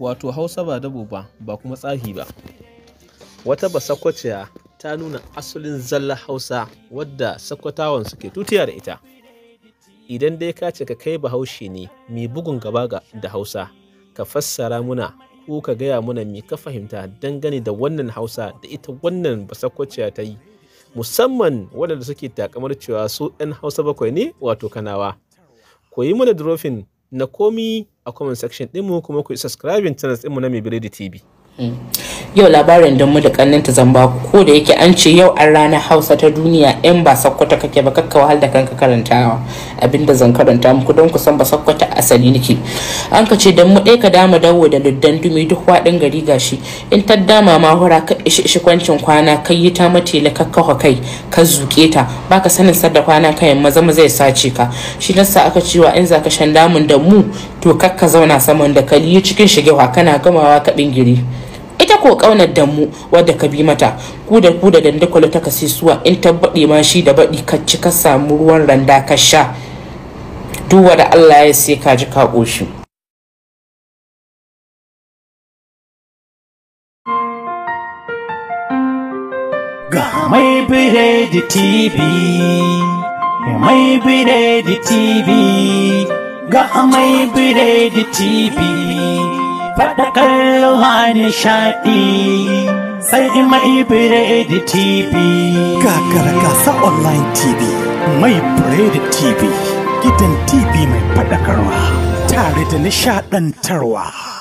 wato hausa ba dabo ba ba kuma tsahi ba wata ba sakwaciya ta nuna asalin zalla hausa wadda sakwatawan suke tutiya da ita idan dai ka ce ka kai bahaushe ne mai bugun gaba da hausa ka fassara muna ko ka gaya muna me ka fahimta dangane da wannan hausa da ita wannan basakwaciya ta yi musamman waɗanda suke takamar cewa su 'yan hausa bakwai ne wato kanawa koyi mana drofin na komi a comment section ɗinmu kuma ku yi subscribing channel ɗinmu na Mai Biredi TV. Mm. yau labarin don mu da ta zamba ko da yake an ce yau an ranar hausa ta duniya yan ba sakkwata kake ba kakka wahal da kanka karantawa abinda zan karanta muku don ku san ba sakkwata asali nake an ka ce don mu ɗaya ka dama dawo da luddan dumi duk waɗin gari gashi in ta dama ma hura ka ishi ishi kwancin kwana kai yi ta matela ka kai ka zuke ta baka sanin sadda kwana kayan maza maza ya sace ka shi nasa aka cewa in za ka shan damun da mu to kakka zauna saman da kali cikin shigewa kana gamawa ka bingiri ko kaunar damu wadda ka bi mata kuda kuda da da kwalata ka sai suwa in tabbaɗe ma shi da baɗi ka ci ka samu ruwan randa ka sha duk wada allah ya sai ka ji ka ƙoshi ga mai bire da tv mai bire da tv ga mai bire da tv faɗakar ruwa nishaɗi sai in mai biredi TV. Gagara gasa online TV, mai biredi TV, gidan TV mai faɗakarwa tare da nishaɗantarwa.